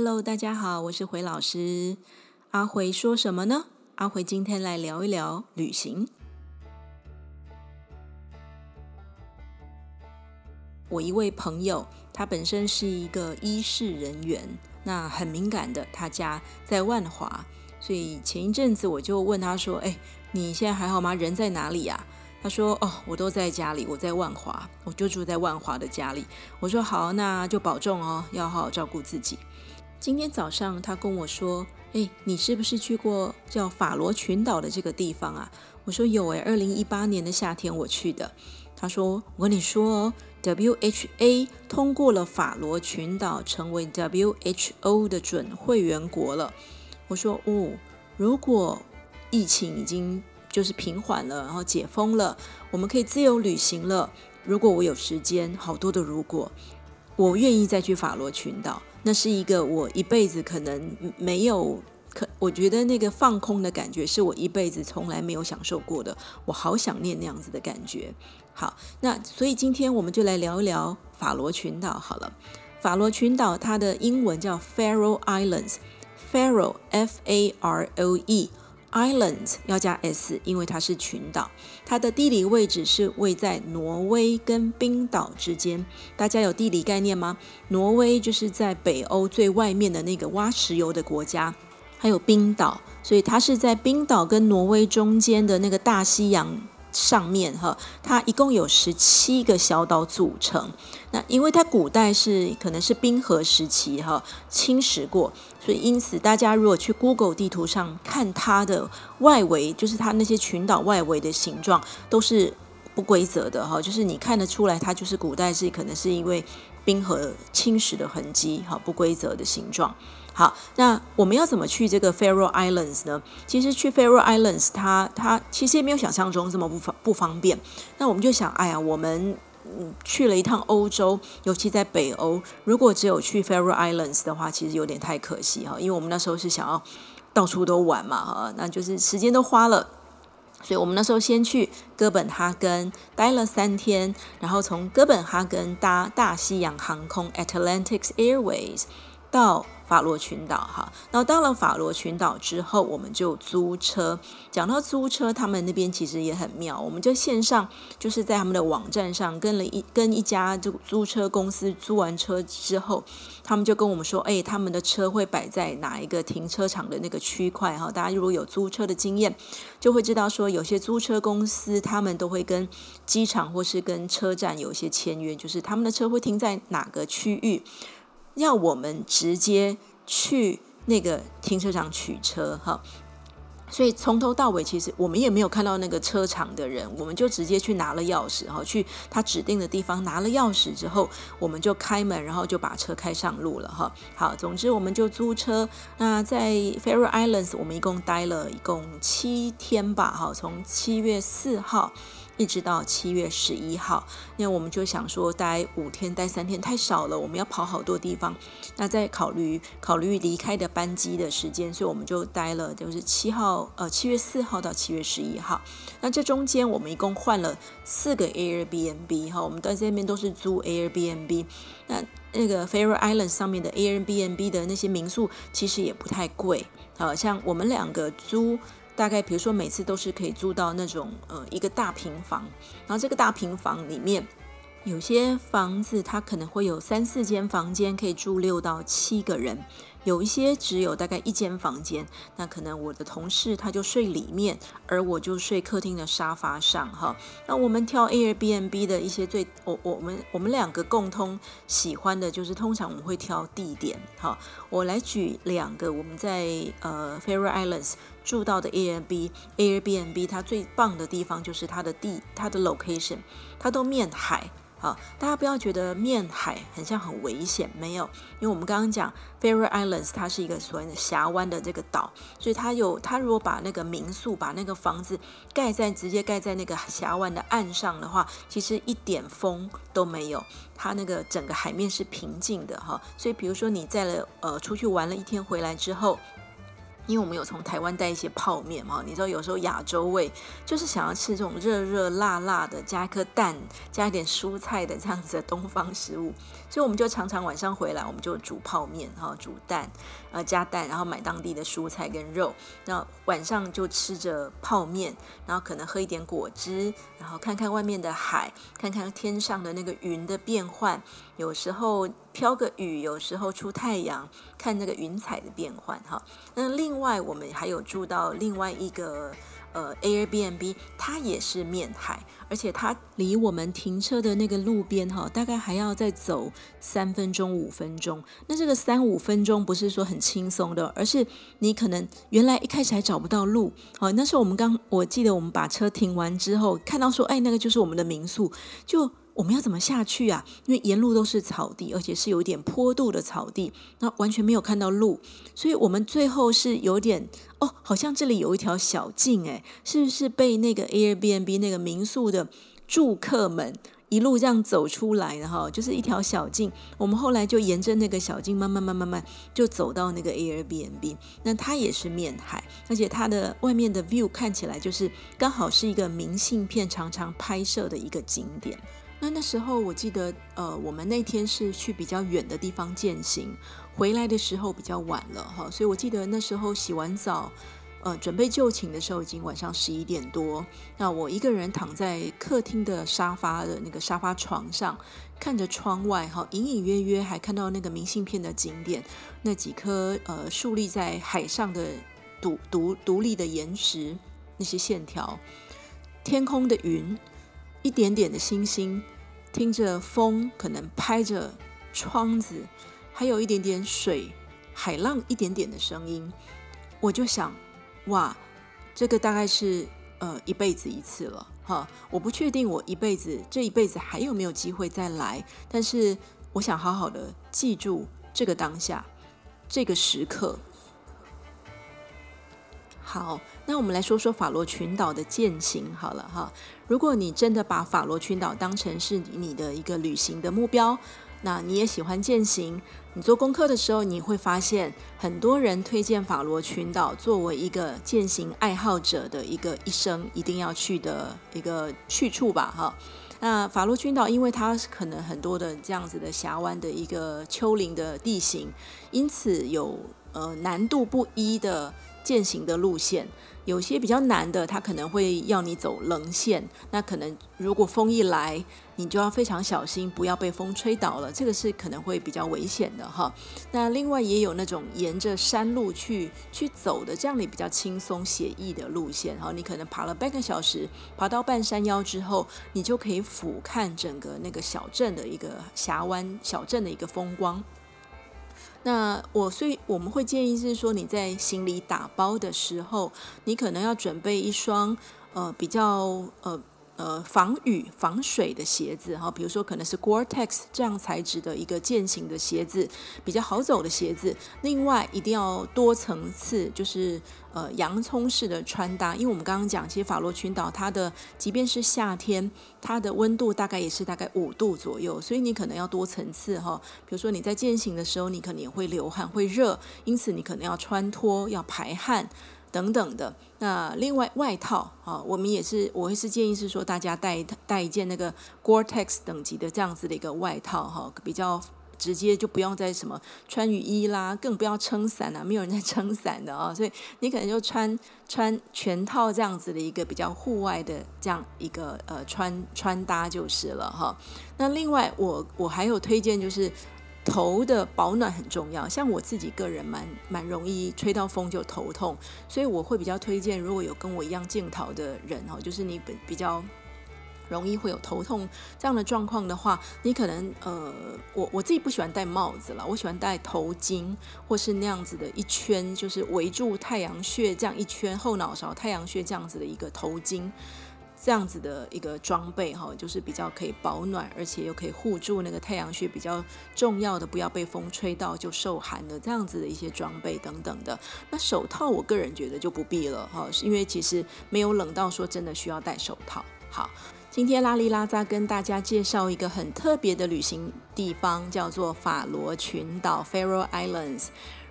Hello，大家好，我是回老師。阿回說什麼呢？阿回今天來聊一聊旅行。我一位朋友，他本身是一個醫事人員，那很敏感的。他家在萬華，所以前一陣子我就問他說：“哎，你現在還好嗎？人在哪裡呀？”他說：“哦，我都在家裡，我在萬華，我就住在萬華的家裡。”我說：“好，那就保重哦，要好好照顧自己。”今天早上他跟我說：“哎，你是不是去過叫法羅群島的這個地方啊？”我說：“有誒，二零一八年的夏天我去的。”他說：“我跟你說哦，WHA 通過了法羅群島成為 WHO 的準會員國了。”我說：“哦，如果疫情已經就是平緩了，然後解封了，我們可以自由旅行了。如果我有時間，好多的如果，我願意再去法羅群島。”那是一個我一輩子可能沒有，可我覺得那個放空的感覺是我一輩子從來沒有享受過的，我好想念那樣子的感覺。好，那所以今天我們就來聊一聊法羅群島。好了，法羅群島它的英文叫 Faroe Islands，Faroe F-A-R-O-E。A R o e Island 要加 s，因為它是群島。它的地理位置是位在挪威跟冰島之間。大家有地理概念嗎？挪威就是在北歐最外面的那個挖石油的國家，還有冰島，所以它是在冰島跟挪威中間的那個大西洋。上面哈，它一共有十七個小島組成。那因為它古代是可能是冰河時期哈侵蝕過，所以因此大家如果去 Google 地圖上看它的外圍，就是它那些群島外圍的形狀都是不規則的哈，就是你看得出來它就是古代是可能是因為。冰河侵蝕的痕跡，哈，不規則的形狀，好，那我們要怎麼去這個 Faroe Islands 呢？其實去 Faroe Islands，它它其實也沒有想象中這麼不方不方便。那我們就想，哎呀，我們去了一趟歐洲，尤其在北歐，如果只有去 Faroe Islands 的話，其實有點太可惜哈，因為我們那時候是想要到處都玩嘛，哈，那就是時間都花了。所以，我們那時候先去哥本哈根待了三天，然後從哥本哈根搭大西洋航空 （Atlantic Airways） 到法羅群島哈，那到了法羅群島之後，我們就租車。講到租車，他們那邊其實也很妙，我們就線上就是在他們的網站上跟了一跟一家就租,租車公司租完車之後，他們就跟我們說，哎、欸，他們的車會擺在哪一個停車場的那個區塊哈。大家如果有租車的經驗，就會知道說有些租車公司他們都會跟機場或是跟車站有一些簽約，就是他們的車會停在哪個區域。要我們直接去那個停車場取車哈，所以從頭到尾其實我們也沒有看到那個車場的人，我們就直接去拿了鑰匙哈，去他指定的地方拿了鑰匙之後，我們就開門，然後就把車開上路了哈。好，總之我們就租車。那在 Faroe Islands，我們一共待了一共七天吧，哈，從七月四號。一直到七月十一號，那我們就想說待五天，待三天太少了，我們要跑好多地方，那再考慮考慮離開的班機的時間，所以我們就待了就是七號，呃七月四號到七月十一號。那這中間我們一共換了四個 Airbnb 哈，我們到這邊都是租 Airbnb，那那個 Faroe Islands 上面的 Airbnb 的那些民宿其實也不太貴，好像我們兩個租。大概比如說，每次都是可以住到那種呃一個大平房，然後這個大平房裡面有些房子它可能會有三四間房間，可以住六到七個人。有一些只有大概一間房間，那可能我的同事他就睡裡面，而我就睡客廳的沙發上哈。那我們挑 Airbnb 的一些最我我們我們兩個共同喜歡的就是，通常我們會挑地點哈。我來舉兩個我們在呃 Faroe Islands 住到的 Airbnb。Airbnb 它最棒的地方就是它的地它的 location，它都面海。好，大家不要覺得面海很像很危險，沒有，因為我們剛剛講 Faroe Islands，它是一個所謂的峽灣的這個島，所以它有它如果把那個民宿把那個房子蓋在直接蓋在那個峽灣的岸上的話，其實一點風都沒有，它那個整個海面是平靜的哈，所以比如說你在了呃出去玩了一天回來之後。因為我們有從台灣帶一些泡麵嘛，你知道有時候亞洲胃就是想要吃這種熱熱辣辣的，加一顆蛋，加一點蔬菜的這樣子的東方食物，所以我們就常常晚上回來，我們就煮泡麵哈，煮蛋，呃加蛋，然後買當地的蔬菜跟肉，那晚上就吃着泡麵，然後可能喝一點果汁，然後看看外面的海，看看天上的那個雲的變換，有時候，飄個雨，有時候出太陽，看那個雲彩的變換哈。那另外我們還有住到另外一個呃 Airbnb，它也是面海，而且它離我們停車的那個路邊哈，大概還要再走三分鐘五分鐘。那這個三五分鐘不是說很輕鬆的，而是你可能原來一開始還找不到路哦。那時候我們剛我記得我們把車停完之後，看到說哎那個就是我們的民宿就。我們要怎麼下去啊？因為沿路都是草地，而且是有點坡度的草地，那完全沒有看到路，所以我們最後是有點哦，好像這裡有一條小徑，誒，是不是被那個 Airbnb 那個民宿的住客們一路這樣走出來的哈？就是一條小徑，我們後來就沿着那個小徑慢慢慢慢慢就走到那個 Airbnb，那它也是面海，而且它的外面的 view 看起來就是剛好是一個明信片常常拍攝的一個景點。那那時候我記得，呃，我們那天是去比較遠的地方健行，回來的時候比較晚了哈，所以我記得那時候洗完澡，呃，準備就寢的時候已經晚上十一點多。那我一個人躺在客廳的沙發的那個沙發床上，看着窗外哈，隱隱約約還看到那個明信片的景點，那幾顆呃豎立在海上的獨獨獨立的岩石，那些線條，天空的雲。一點點的星星，聽着風可能拍着窗子，還有一點點水，海浪一點點的聲音，我就想，哇，這個大概是呃一輩子一次了，哈，我不確定我一輩子這一輩子還有沒有機會再來，但是我想好好的記住這個當下，這個時刻。好，那我們來說說法羅群島的健行好了哈。如果你真的把法羅群島當成是你的一個旅行的目標，那你也喜歡健行。你做功課的時候，你會發現很多人推薦法羅群島作為一個健行愛好者的一個一生一定要去的一個去處吧哈。那法羅群島因為它可能很多的這樣子的峽灣的一個丘陵的地形，因此有呃難度不一的。健行的路線有些比較難的，他可能會要你走稜線，那可能如果風一來，你就要非常小心，不要被風吹倒了，這個是可能會比較危險的哈。那另外也有那種沿着山路去去走的，這樣你比較輕鬆寫意的路線，然後你可能爬了半個小時，爬到半山腰之後，你就可以俯瞰整個那個小鎮的一個峽灣小鎮的一個風光。那我，所以我們會建議是說，你在行李打包的時候，你可能要準備一雙呃比較呃。呃，防雨防水的鞋子哈，比如說可能是 Gore-Tex 這樣材質的一個健行的鞋子，比較好走的鞋子。另外，一定要多層次，就是呃洋蔥式的穿搭。因為我們剛剛講，其實法羅群島它的即便是夏天，它的溫度大概也是大概五度左右，所以你可能要多層次哈。比如說你在健行的時候，你可能也會流汗、會熱，因此你可能要穿脫、要排汗。等等的，那另外外套啊，我們也是，我也是建議是說，大家帶帶一件那個 Gore-Tex 等級的這樣子的一個外套哈，比較直接就不用再什麼穿雨衣啦，更不要撐傘啦，沒有人在撐傘的啊、喔，所以你可能就穿穿全套這樣子的一個比較戶外的這樣一個呃穿穿搭就是了哈。那另外我，我我還有推薦就是。頭的保暖很重要，像我自己個人蠻蠻容易吹到風就頭痛，所以我會比較推薦，如果有跟我一樣鏡頭的人哦，就是你比比較容易會有頭痛這樣的狀況的話，你可能呃，我我自己不喜歡戴帽子了，我喜歡戴頭巾或是那樣子的一圈，就是圍住太陽穴這樣一圈後腦勺太陽穴這樣子的一個頭巾。這樣子的一個裝備哈，就是比較可以保暖，而且又可以護住那個太陽穴比較重要的，不要被風吹到就受寒的這樣子的一些裝備等等的。那手套，我個人覺得就不必了哈，是因為其實沒有冷到說真的需要戴手套。好。今天拉里拉扎跟大家介紹一個很特別的旅行地方，叫做法羅群島 （Faroe Islands）。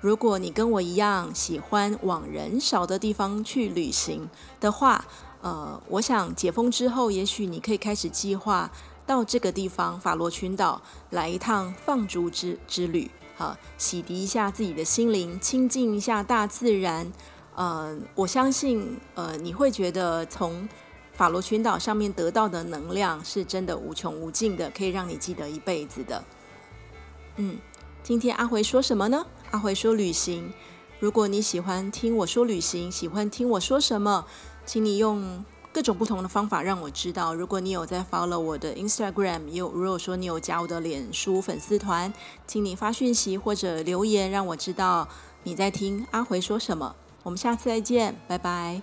如果你跟我一樣喜歡往人少的地方去旅行的話，呃，我想解封之後，也許你可以開始計劃到這個地方——法羅群島來一趟放逐之之旅，好、啊，洗滌一下自己的心靈，親近一下大自然。呃，我相信，呃，你會覺得從法羅群島上面得到的能量是真的無窮無盡的，可以讓你記得一輩子的。嗯，今天阿回說什麼呢？阿回說旅行。如果你喜歡聽我說旅行，喜歡聽我說什麼，請你用各種不同的方法讓我知道。如果你有在 follow 我的 Instagram，又如果說你有加我的臉書粉絲團，請你發訊息或者留言讓我知道你在聽阿回說什麼。我們下次再見，拜拜。